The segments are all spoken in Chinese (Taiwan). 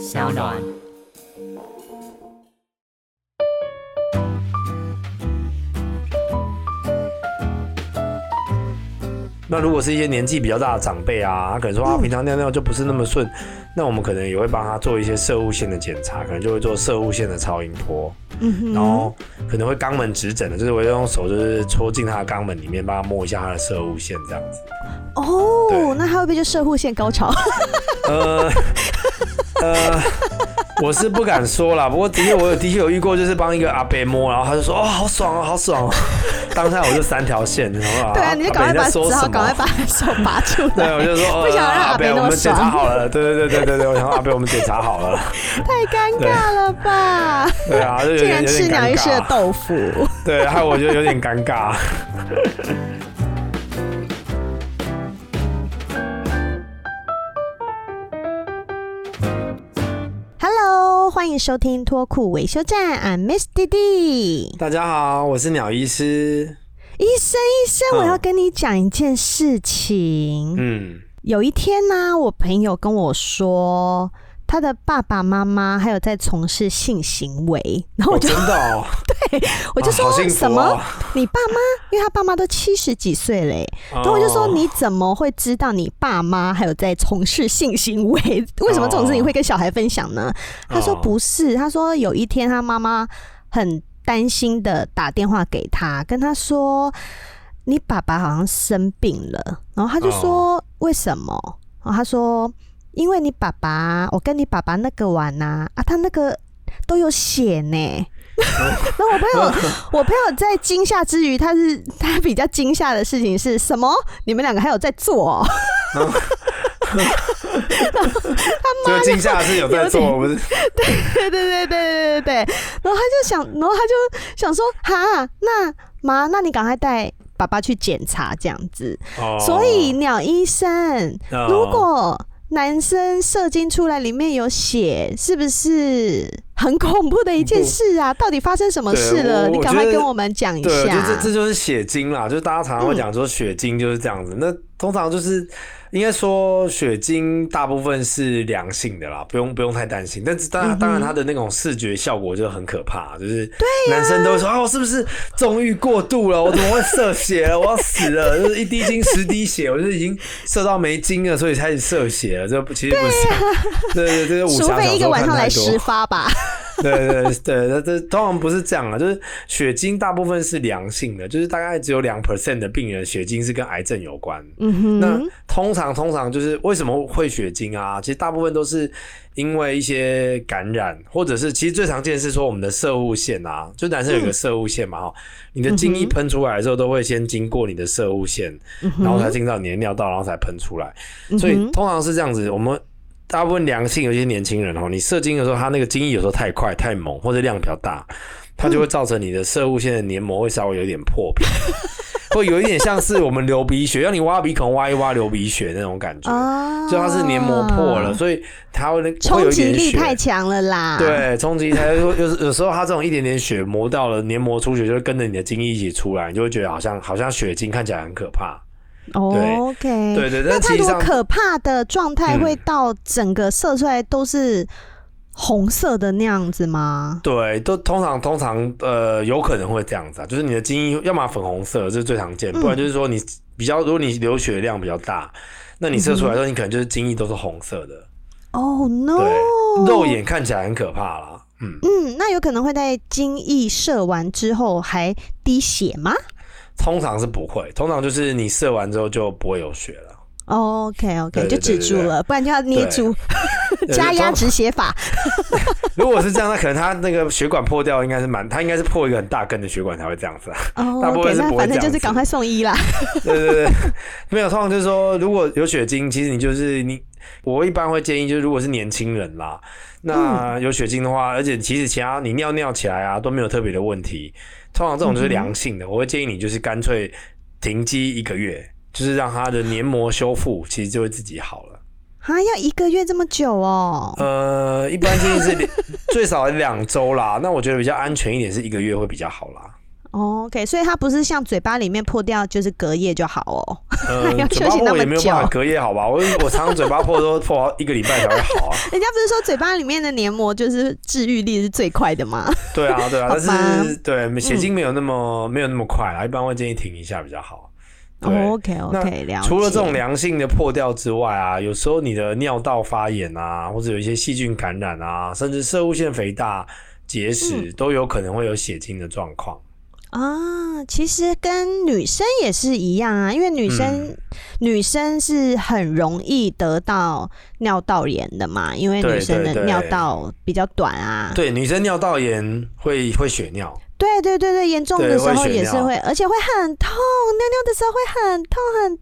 SoundOn。那如果是一些年紀比較大的長輩啊，他可能說啊、嗯，平常尿尿就不是那麼順，那我們可能也會幫他做一些攝護腺的檢查，可能就會做攝護腺的超音波。嗯哼。然後可能會肛門指診的，就是我要用手就是戳進他的肛門裡面，幫他摸一下他的攝護腺這樣子。哦，那他會不會就攝護腺高潮？ 呃 呃，我是不敢說啦，不過的確我有的確有遇過，就是幫一個阿伯摸，然後他就說，哦好爽哦，好爽哦，啊，好爽啊， 當下我就三條線，好不好？對啊，你就趕快把手什麼？趕快把手拔出來。 對，我就說，哦不想讓阿伯那麼爽，啊啊，阿伯我們檢查好了，對對對對對對，我想阿伯，我們檢查好了。 太尷尬了吧？對啊，竟然吃鳥醫師的豆腐。對，還有我覺得有點尷尬，啊。 歡迎收聽脫褲維修站，I'm Miss DD。大家好，我是鳥醫師。醫生，醫生，我要跟你講一件事情。嗯，有一天呢啊，我朋友跟我說：他的爸爸媽媽還有在從事性行為，然後我就說：“哦，真的哦、 對、啊，我就說、哦、什麼？你爸媽？因為他爸媽都七十幾歲嘞、欸哦。然後我就說：你怎麼會知道你爸媽還有在從事性行為？為什麼這種事情會跟小孩分享呢？”哦、他說：“不是，他說有一天他媽媽很擔心的打電話給他，跟他說：你爸爸好像生病了。然後他就說：為什麼？然後他說。哦”因為你爸爸，我跟你爸爸那個玩吶、啊，啊，他那個都有血呢。Oh. 然後我朋友，oh. 我朋友在驚嚇之餘，他是他比較驚嚇的事情是什麼？你們兩個還有在做、喔？Oh. Oh. 然後他媽呀！驚嚇是有在做有，不是？對對對對對對對對。然後他就想，然後他就想說，哈，那媽，那你趕快帶爸爸去檢查，這樣子。Oh. 所以鳥醫生，oh. 如果。男生射精出來裡面有血，是不是很恐怖的一件事啊？到底發生什麼事了？你趕快跟我們講一下。對，這這就是血精啦，就是大家常常會講說血精就是這樣子，嗯、那通常就是。應該說血精大部分是良性的啦，不用不用太擔心。但是當當然他的那種視覺效果就很可怕，嗯嗯，就是男生都會說啊，啊，我是不是縱慾過度了？我怎麼會射血了？ 我要死了！就是一滴精十滴血， 我就已經射到沒精了，所以開始射血了。這其實不是，對、啊、對，就這個武俠小說看太多。除非一個晚上來十發吧。 對對對，這通常不是這樣啊，就是血精大部分是良性的，就是大概只有兩 percent 的病人血精是跟癌症有關。嗯哼，那通常通常就是為什麼會血精啊？其實大部分都是因為一些感染，或者是其實最常見是說我們的攝護腺啊，就男生有個攝護腺嘛哈、嗯，你的精一噴出來的時候都會先經過你的攝護腺、嗯，然後才進到你的尿道，然後才噴出來，所以通常是這樣子，我們。大部分良性，有些年輕人哦，你射精的時候，他那個精液有時候太快、太猛，或者量比較大，它就會造成你的攝護腺的黏膜會稍微有點破皮、嗯，會有一點像是我們流鼻血，讓 你挖鼻孔挖一挖流鼻血那種感覺、哦，就它是黏膜破了，所以它會衝擊力太強了啦。對，衝擊力它有有時候它這種一點點血磨到了黏膜出血，就會跟着你的精液一起出來，你就會覺得好像好像血精看起來很可怕。Oh, OK，對,對對，那太多可怕的狀態會到整個射出來都是紅色的那樣子嗎？嗯、對，都通常通常呃有可能會這樣子啊，就是你的精液要麼粉紅色這是最常見，不然就是說你比較如果你流血量比較大，那你射出來的時候你可能就是精液都是紅色的。Oh、嗯、no，肉眼看起來很可怕啦。嗯嗯，那有可能會在精液射完之後還滴血嗎？通常是不會，通常就是你射完之後就不會有血了。Oh, OK OK，對對對對對，就止住了，不然就要捏住加壓止血法。 如果是這樣，那可能他那個血管破掉應該是蠻，他應該是破一個很大根的血管才會這樣子啊。Oh, 大部分 okay, 是不會這樣。反正就是趕快送醫啦。 對對對，沒有，通常就是說，如果有血精，其實你就是你，我一般會建議，就是如果是年輕人啦，那有血精的話、嗯，而且其實其他你尿尿起來啊都沒有特別的問題。通常這種就是良性的，嗯、我會建議你就是乾脆停機一個月，就是讓它的黏膜修復、啊，其實就會自己好了。啊，要一個月這麼久哦？呃，一般建、就、議是 最少兩周啦，那我覺得比較安全一點是一個月會比較好啦。Oh, OK，所以它不是像嘴巴裡面破掉就是隔夜就好哦？呃、 要休息，那嘴巴也沒有辦法隔夜，好吧？ 我我常常嘴巴破都破一個禮拜才會好，啊。 人家不是說嘴巴裡面的黏膜就是治癒力是最快的嗎？ 對啊，對啊，但是對血精沒有那麼、嗯、沒有那麼快啊，一般會建議停一下比較好。Oh, OK OK，了解。除了這種良性的破掉之外啊，有時候你的尿道發炎啊，或者有一些細菌感染啊，甚至攝護腺肥大、結石都有可能會有血精的狀況。嗯啊、哦，其實跟女生也是一樣啊，因為女生、嗯、女生是很容易得到尿道炎的嘛，因為女生的尿道比較短啊。對，對，對，對，女生尿道炎會會血尿。對對對對，嚴重的時候也是會，會，而且會很痛，尿尿的時候會很痛很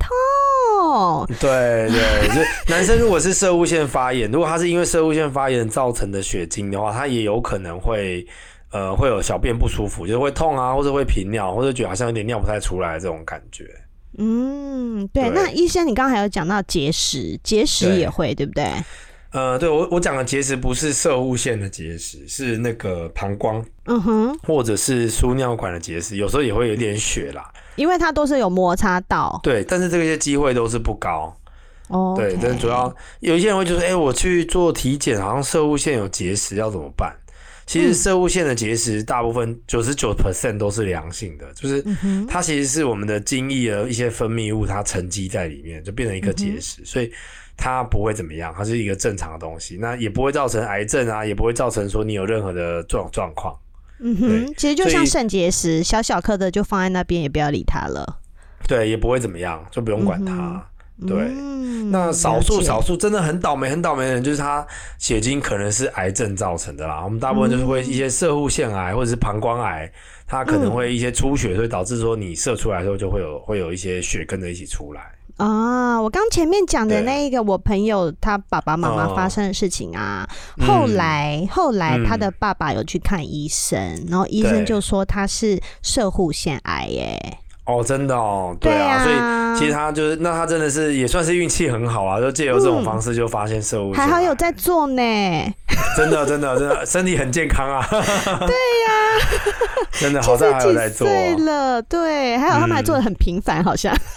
痛。對對，對， 所以男生如果是攝護腺發炎，如果他是因為攝護腺發炎造成的血精的話，他也有可能會。呃，會有小便不舒服，就是會痛啊，或者會頻尿，或者覺得好像有點尿不太出來的這種感覺。嗯，對。對，那醫生，你剛剛還有講到結石，結石也會對，對不對？呃，對，我我講的結石不是攝護腺的結石，是那個膀胱，嗯哼，或者是輸尿管的結石，有時候也會有點血啦，因為它都是有摩擦到。對，但是這些機會都是不高。哦，對，okay、但主要有一些人會覺、就、得、是，哎、欸，我去做體檢，好像攝護腺有結石，要怎麼辦？其實攝護腺的結石，大部分九十九 percent 都是良性的、嗯，就是它其實是我們的精液啊一些分泌物，它沉積在裡面就變成一個結石、嗯，所以它不會怎麼樣，它是一個正常的東西，那也不會造成癌症啊，也不會造成說你有任何的狀狀況。嗯哼，其實就像腎結石，小小顆的就放在那邊也不要理它了，對，也不會怎麼樣，就不用管它。嗯對，那少數、嗯、少數真的很倒霉很倒霉的人，就是他血精可能是癌症造成的啦。我們大部分就是會一些攝護腺癌、嗯、或者是膀胱癌，它可能會一些出血、嗯，所以導致說你射出來的時候就會有會有一些血跟着一起出來。啊、哦，我剛前面講的那一個我朋友他爸爸媽媽發生的事情啊，嗯、後來後來他的爸爸有去看醫生，嗯、然後醫生就說他是攝護腺癌耶、欸。哦，真的哦對，啊，對啊，所以其實他就是，那他真的是也算是運氣很好啊，就借由這種方式就發現色物、嗯、還好有在做呢，真的真的真的 身體很健康啊， 對呀、啊，真的好在還有在做，對了對，還好他們還做得很頻繁，嗯，好像，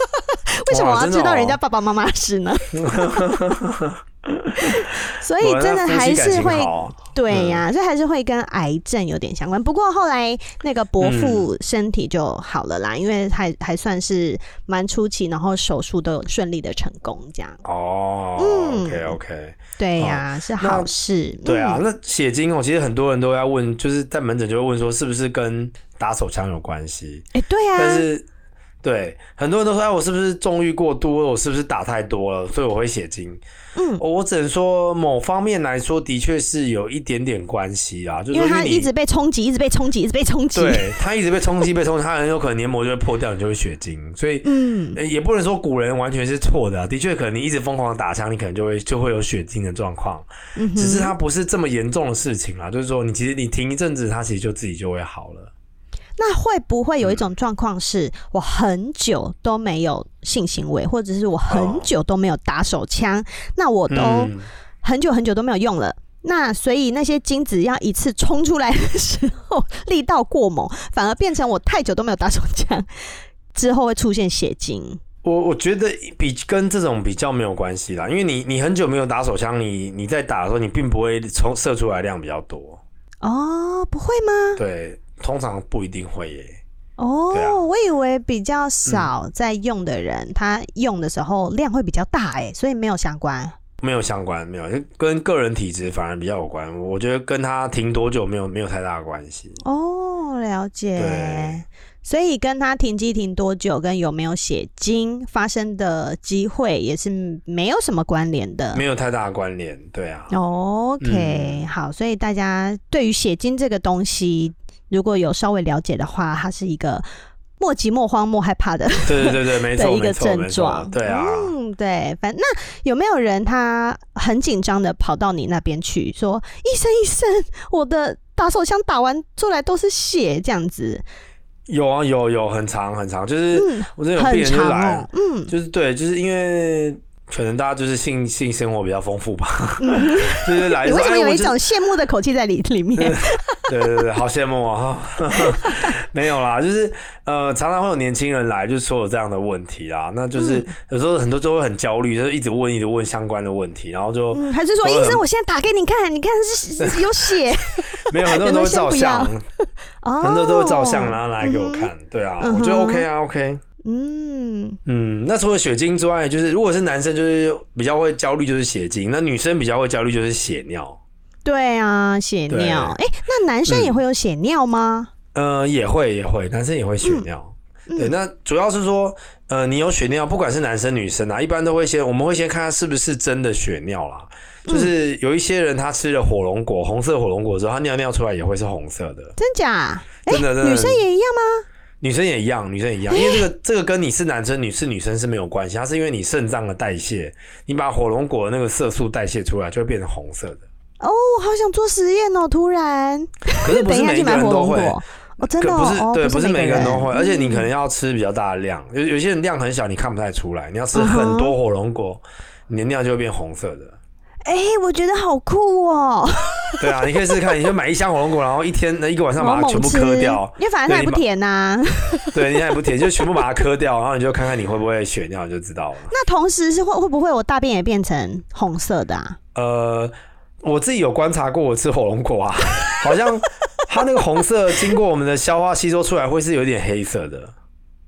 為什麼我要知道人家爸爸媽媽事呢？ 所以真的還是會，對呀、啊，所以還是會跟癌症有點相關。不過後來那個伯父身體就好了啦，因為還還算是蠻初期，然後手術都有順利的成功這樣。哦，嗯，OK OK，對呀、啊，是好事。對啊，那血精，我、嗯、其實很多人都要問，就是在門診就會問說，是不是跟打手槍有關係？哎、欸，對啊，但是。對，很多人都說，哎，我是不是縱慾過多了，我是不是打太多了？所以我會血精。嗯，我只能說，某方面來說，的確是有一點點關係啊。因為它一直被衝擊，一直被衝擊，一直被衝擊。對，它一直被衝擊，被衝擊，它很有可能黏膜就會破掉，你就會血精。所以，嗯，欸、也不能說古人完全是錯的。的確，可能你一直瘋狂打槍，你可能就會就會有血精的狀況。嗯，只是它不是這麼嚴重的事情啦。嗯、就是說，你其實你停一陣子，它其實就自己就會好了。那會不會有一種狀況是我很久都沒有性行為、嗯，或者是我很久都沒有打手槍、哦？那我都很久很久都沒有用了。嗯、那所以那些精子要一次衝出來的時候力道過猛，反而變成我太久都沒有打手槍之後會出現血精。我我覺得比跟這種比較沒有關係啦，因為你你很久沒有打手槍，你你在打的時候你並不會從射出來量比較多哦，不會嗎？對。通常不一定會耶、欸。哦、oh, 啊，我以為比較少在用的人，嗯、他用的時候量會比較大誒、欸，所以沒有相關。沒有相關，沒有就跟個人體質反而比較有關。我覺得跟他停多久沒有沒有太大的關係。哦、oh，了解。對。所以跟他停機停多久，跟有沒有血精發生的機會也是沒有什麼關聯的，沒有太大關聯。對啊。OK，嗯、好，所以大家對於血精這個東西。如果有稍微了解的話，它是一個莫急莫慌莫害怕的。對對對沒錯， 的一個症狀。對啊，嗯，對。反那有沒有人他很緊張的跑到你那邊去說：“醫生醫生，我的打手槍打完出來都是血，這樣子。有啊”有啊有有、啊、很長很長，就是、嗯、我這有病人就來、哦、嗯，就是對，就是因為。可能大家就是性性生活比較豐富吧，嗯、就是會來。你為什麼有一種羨慕的口氣在裡裡面、哎？對對對，好羨慕啊、喔！ 沒有啦，就是呃，常常會有年輕人來，就是說有這樣的問題啊，那就是、嗯、有時候很多就會很焦慮，就是一直問一直問相關的問題，然後就、嗯、還是說醫生，一直我現在打給你看，你看是有血， 沒有很多人都會照相，很多都會照相拿、哦、來、嗯、給我看，對啊，嗯、我覺得 OK 啊，OK。嗯嗯，那除了血精之外，就是如果是男生，就是比較會焦慮，就是血精；那女生比較會焦慮，就是血尿。對啊，血尿。哎，欸，那男生也會有血尿嗎？嗯，呃，也會，也會，男生也會血尿。嗯，對，那主要是說，呃，你有血尿，不管是男生女生啊，一般都會先，我們會先看他是不是真的血尿啦。就是有一些人，他吃了火龍果，紅色火龍果之後，他尿尿出來也會是紅色的，真假？真的，真的，欸，女生也一樣嗎？女生也一樣，女生也一樣，因為這個這個跟你是男生、你是女生是沒有關係、欸，它是因為你腎臟的代謝，你把火龍果的那個色素代謝出來，就會變成紅色的。哦，我好想做實驗哦，突然。可是不是每一個人都會，我、哦、真的、哦，對、哦，不是每一個人都會，而且你可能要吃比較大的量的、嗯，有有些人量很小，你看不太出來，你要吃很多火龍果，你的尿就會變紅色的。Uh-huh 哎、欸，我覺得好酷哦、喔！對啊，你可以試試看，你就買一箱火龍果，然後一天、那一個晚上把它全部磕掉，因為反正它也不甜吶、啊。對，一點也不甜，就全部把它磕掉，然後你就看看你會不會血尿就知道了。那同時是會會不會我大便也變成紅色的？啊？呃，我自己有觀察過，我吃火龍果、啊，好像它那個紅色經過我們的消化吸收出來，會是有點黑色的。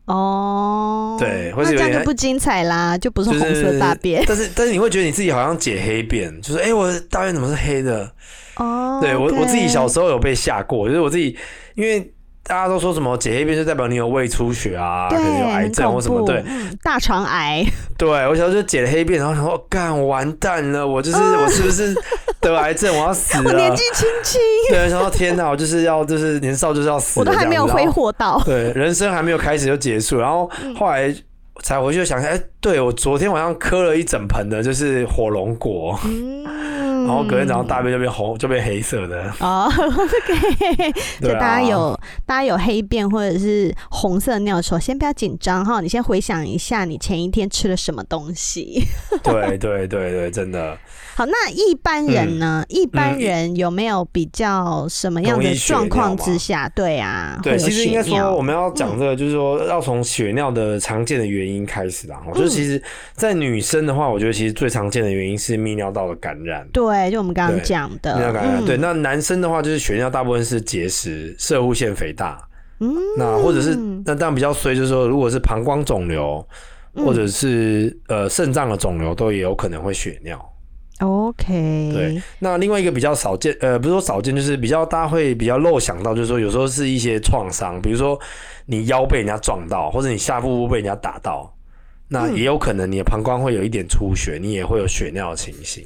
哦、oh，對，那這樣就不精彩啦，就是、就不是紅色大便。就是、但是但是你會覺得你自己好像解黑便，就是哎、欸，我大便怎麼是黑的？哦、oh，對、okay. 我我自己小時候有被嚇過，就是我自己，因為大家都說什麼解黑便就代表你有胃出血啊，可能有癌症或什麼。對，大腸癌。對我小時候就解了黑便，然後想說，幹，完蛋了，我就是、oh, 我是不是？ 得癌症，我要死了！我年紀輕輕，對，然後天哪，我就是要，就是年少就是要死了，我都還沒有揮霍到，對，人生還沒有開始就結束，然後後來才回去，想，哎、嗯欸，對，我昨天晚上磕了一整盆的，就是火龍果。嗯然後隔天早上大便就變紅，就變黑色的。哦、oh, okay.， 對、啊，就大家有大家有黑便或者是紅色的尿的時候，先不要緊張哈，你先回想一下你前一天吃了什麼東西。 對對對對，真的。好，那一般人呢？嗯、一般人有沒有比較什麼樣的狀況之下？對啊，對，其實應該說我們要講這個，就是說要從血尿的常見的原因開始啦。嗯、我覺得其實，在女生的話，我覺得其實最常見的原因是泌尿道的感染。對。對，就我們剛剛講的對、嗯，對。那男生的話，就是血尿大部分是結石、攝護腺肥大，嗯，那或者是那當然比較衰，就是說如果是膀胱腫瘤或者是、嗯、呃腎臟的腫瘤，都也有可能會血尿。OK，對。那另外一個比較少見，呃，不是說少見，就是比較大家會比較漏想到，就是說有時候是一些創傷，比如說你腰被人家撞到，或者你下腹部,部被人家打到，那也有可能你的膀胱會有一點出血，你也會有血尿的情形。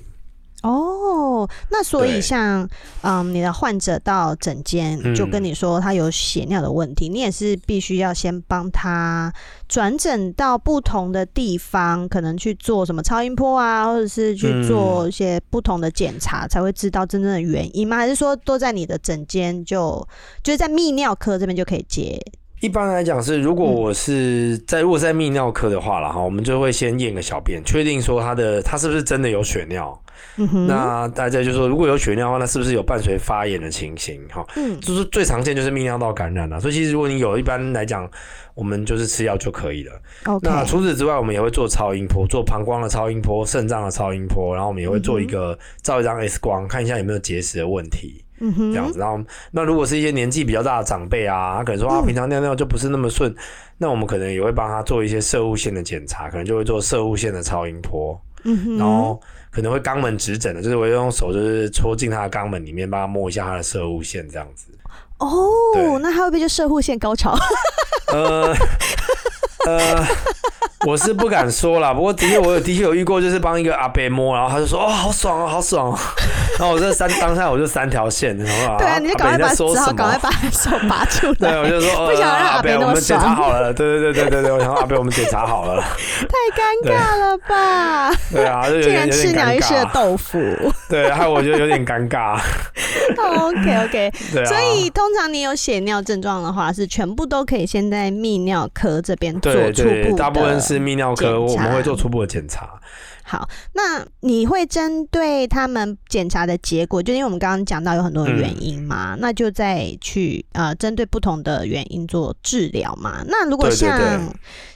哦、oh，那所以像嗯，你的患者到診間就跟你說他有血尿的問題、嗯，你也是必須要先幫他轉診到不同的地方，可能去做什麼超音波啊，或者是去做一些不同的檢查，才會知道真正的原因嗎？嗯、還是說都在你的診間就就是在泌尿科這邊就可以接？一般來講是，如果我是在如果、嗯、在泌尿科的話了哈，我們就會先驗個小便，確定說他的他是不是真的有血尿。嗯、那大家就說，如果有血尿的話，那是不是有伴隨發炎的情形？哈、嗯，就是最常見就是泌尿道感染了、啊。所以其實如果你有，一般來講，我們就是吃藥就可以了。Okay. 那除此之外，我們也會做超音波，做膀胱的超音波、腎臟的超音波，然後我們也會做一個、嗯、照一張 X 光，看一下有沒有結石的問題、嗯。這樣子。然後，那如果是一些年紀比較大的長輩啊，他可能說、嗯、啊，平常尿尿就不是那麼順，那我們可能也會幫他做一些攝護腺的檢查，可能就會做攝護腺的超音波。嗯哼，然後可能會肛門指診的，就是我用手就是戳進他的肛門裡面，幫他摸一下他的攝護腺這樣子。哦，那他會不會就攝護腺高潮？呃。 呃 我是不敢說啦，不過的確我有， 我的確有遇過，就是幫一個阿伯摸，然後他就說哦，好爽啊好爽啊，然後我這三當下我就三條線，好不好然後啊對啊，你就趕快把只好趕快把手拔出來， 對，我就說不想讓阿伯，阿伯我們檢查好了，對對對對對然我想阿伯我們檢查好了， 太尷尬了吧？對，對啊，竟、啊、然吃鳥醫師的豆腐。 對，還有我覺得有點尷尬。 oh, OK OK， 對，所以通常你有血尿症狀的話，是全部都可以先在泌尿科這邊做初步檢查。對對對，大部分是泌尿科，我們會做初步的檢查。好，那你會針對他們檢查的結果，就因為我們剛剛講到有很多原因嘛，嗯、那就再去呃針對不同的原因做治療嘛。那如果像對對對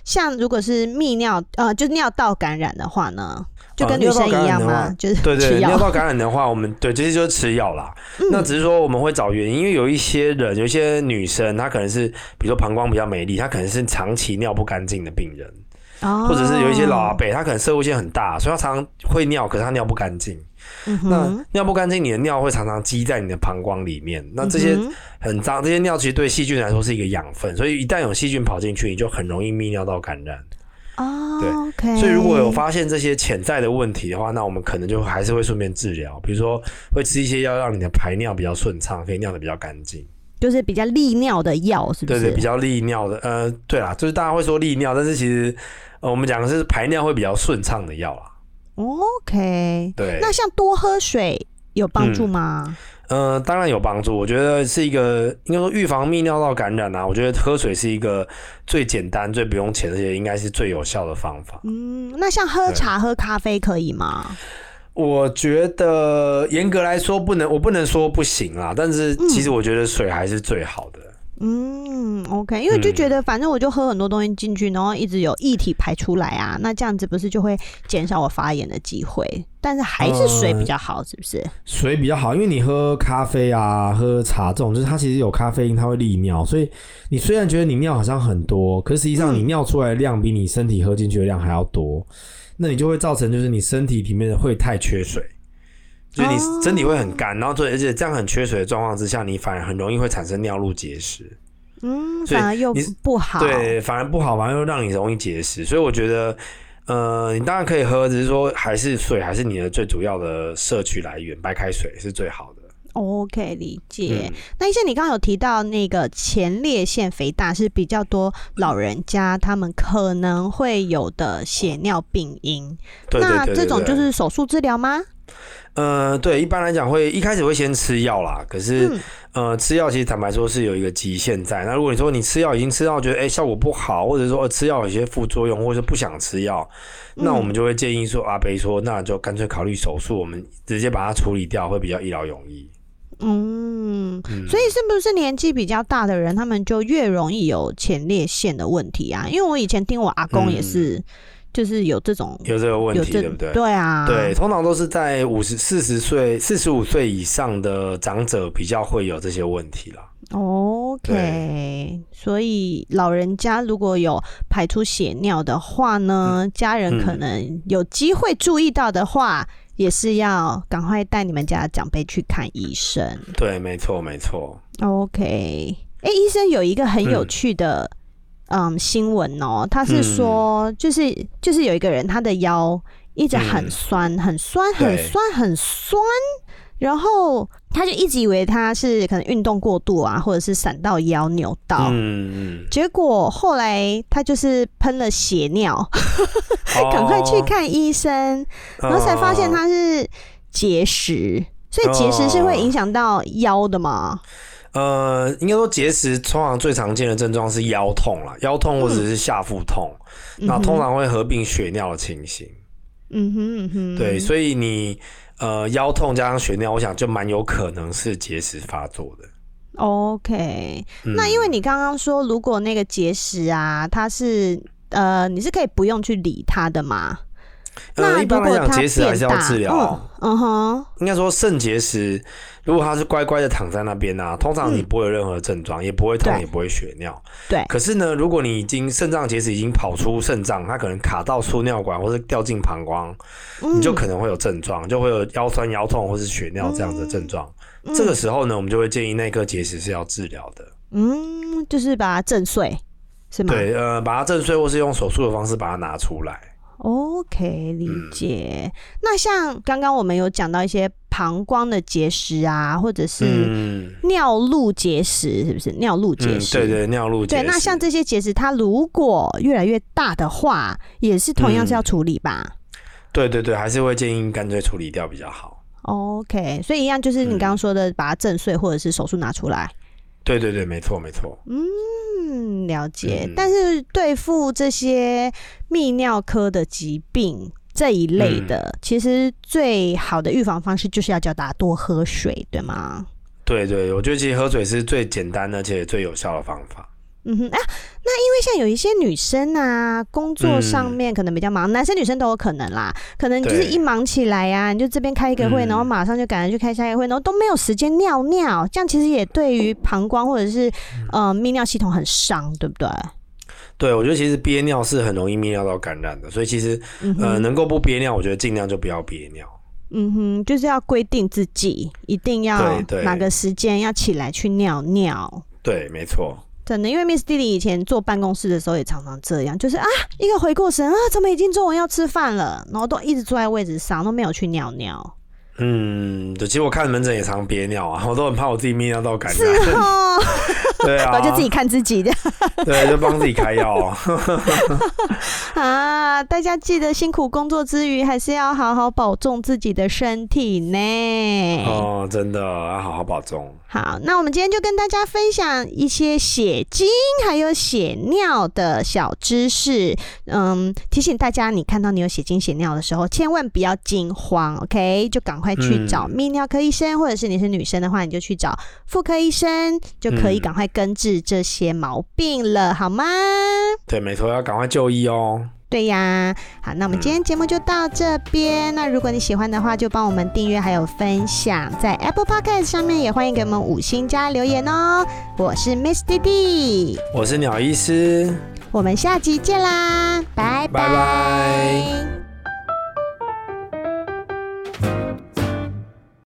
像如果是泌尿呃就尿道感染的話呢，就跟女生一樣嘛、啊，就是對對、對尿道感染的話，我們對這些就是吃藥啦、嗯。那只是說我們會找原因，因為有一些人，有一些女生她可能是，比如說膀胱比較美麗，她可能是長期尿不乾淨的病人。或者是有一些老阿伯，他可能攝護腺很大，所以他常常會尿，可是他尿不乾淨、嗯。那尿不乾淨，你的尿會常常積在你的膀胱裡面。那這些很髒、嗯，這些尿其實對細菌來說是一個養分，所以一旦有細菌跑進去，你就很容易泌尿道感染。哦，對、okay，所以如果有發現這些潛在的問題的話，那我們可能就還是會順便治療，比如說會吃一些藥，讓你的排尿比較順暢，可以尿得比較乾淨。就是比較利尿的藥，是不是？對對，比較利尿的，呃，對啦，就是大家會說利尿，但是其實，呃，我們講的是排尿會比較順暢的藥啦。OK，對。那像多喝水有幫助嗎？嗯，呃，當然有幫助。我覺得是一個，應該說預防泌尿道感染啊。我覺得喝水是一個最簡單、最不用錢，而且應該是最有效的方法。嗯，那像喝茶、喝咖啡可以嗎？我覺得嚴格來說不能，我不能說不行啦。但是其實我覺得水還是最好的。嗯，嗯，OK，因為就覺得反正我就喝很多東西進去，然後一直有液體排出來啊，那這樣子不是就會減少我發炎的機會？但是還是水比較好，是不是？嗯，水比較好，因為你喝咖啡啊、喝茶這種，就是它其實有咖啡因，它會利尿，所以你雖然覺得你尿好像很多，可是實際上你尿出來的量比你身體喝進去的量還要多。那你就會造成，就是你身體裡面的會太缺水，就你身體會很乾，oh. 然後對，而且這樣很缺水的狀況之下，你反而很容易會產生尿路結石。嗯，反而又不好。對，反而不好，反而又讓你容易結石。所以我覺得，呃，你當然可以喝，只是說還是水，還是你的最主要的攝取來源，白開水是最好的。OK，理解。嗯、那醫生，你剛剛有提到那個前列腺肥大是比較多老人家他們，可能會有的血尿病因。對、嗯、那這種就是手術治療嗎？對對對對對對。呃，對，一般來講會一開始會先吃藥啦。可是，嗯、呃，吃藥其實坦白說是有一個極限在。那如果你說你吃藥已經吃到覺得，哎、欸、效果不好，或者說、呃、吃藥有些副作用，或者說不想吃藥、嗯，那我們就會建議說阿伯說，那就乾脆考慮手術，我們直接把它處理掉會比較一勞永逸。嗯，所以是不是年紀比較大的人，嗯，他們就越容易有前列腺的問題啊？因為我以前聽我阿公也是，嗯，就是有這種有這個問題，對不對？對啊，對，通常都是在五十四十歲、四十五歲以上的長者比較會有這些問題啦。OK，所以老人家如果有排出血尿的話呢，嗯，家人可能有機會注意到的話。嗯嗯也是要趕快帶你們家長輩去看醫生。對，沒錯，沒錯。OK，哎，醫生有一個很有趣的嗯，嗯新聞哦，他是說，就是就是有一個人，他的腰一直很酸，嗯，很酸，很酸，很酸，然後，他就一直以為他是可能運動過度啊，或者是閃到腰扭到、嗯，結果後來他就是噴了血尿，趕、哦、 快去看醫生、哦，然後才發現他是結石。哦、所以結石是會影響到腰的嗎？呃，應該說結石通常最常見的症狀是腰痛啦。腰痛或者是下腹痛，嗯、那通常會合併血尿的情形。嗯哼，嗯哼，對，所以你。呃，腰痛加上血尿，我想就蠻有可能是結石發作的。OK。嗯，那因為你剛剛說，如果那個結石啊，它是呃，你是可以不用去理它的嘛？呃，那一般來講，結石還是要治療啊。嗯，嗯哼，應該說腎結石。如果他是乖乖的躺在那邊呢、啊，通常你不會有任何症狀、嗯，也不會痛，也不會血尿。對。可是呢，如果你已經腎臟結石已經跑出腎臟，它可能卡到輸尿管，或是掉進膀胱、嗯，你就可能會有症狀，就會有腰酸、腰痛，或是血尿這樣的症狀、嗯。這個時候呢，我們就會建議那顆結石是要治療的。嗯，就是把它震碎，是嗎？對，呃，把它震碎，或是用手術的方式把它拿出來。OK，理解。嗯、那像剛剛我們有講到一些膀胱的結石啊，或者是尿路結石，是不是、嗯？尿路結石，嗯、對，對對，尿路結石。對，那像這些結石，它如果越來越大的話，也是同樣是要處理吧？嗯、對對對，還是會建議乾脆處理掉比較好。OK，所以一樣就是你剛剛說的，把它震碎或者是手術拿出來、嗯。對對對，沒錯沒錯。嗯。嗯，了解，嗯。但是對付這些泌尿科的疾病這一類的，嗯，其實最好的預防方式就是要叫大家多喝水，對嗎？對對，我覺得其實喝水是最簡單而且最有效的方法。嗯哼，哎、啊，那因為像有一些女生啊，工作上面可能比較忙、嗯，男生女生都有可能啦。可能就是一忙起來呀、啊，你就這邊開一個會、嗯，然後馬上就趕着去開下一個會，然後都沒有時間尿尿。這樣其實也對於膀胱或者是呃泌尿系統很傷，對不對？對，我覺得其實憋尿是很容易泌尿道感染的，所以其實、嗯、呃能夠不憋尿，我覺得盡量就不要憋尿。嗯哼，就是要規定自己一定要哪個時間要起來去尿尿。對，對對沒錯。真的，因為 Miss 蒂蒂以前坐辦公室的時候也常常這樣，就是啊，一個回過神啊，怎麼已經做完要吃飯了？然後都一直坐在位置上都沒有去尿尿。嗯，對，其實我看門診也常憋尿啊，我都很怕我自己泌尿道感染。 對啊，就自己看自己的，對， 就幫自己開藥啊。 啊，大家記得辛苦工作之餘，還是要好好保重自己的身體呢。哦，真的要好好保重。好，那我們今天就跟大家分享一些血精還有血尿的小知識。嗯，提醒大家，你看到你有血精血尿的時候，千萬不要驚慌，OK，就趕快去找泌尿科醫生，嗯，或者是你是女生的話，你就去找婦科醫生，嗯，就可以趕快。根治這些毛病了，好嗎？對，沒錯，要趕快就醫哦。對呀、啊，好，那我們今天節目就到這邊、嗯。那如果你喜歡的話，就幫我們訂閱還有分享，在 Apple Podcast 上面也歡迎給我們五星加留言哦。我是 Miss D D，我是鳥醫師，我們下集見啦，拜拜。Bye bye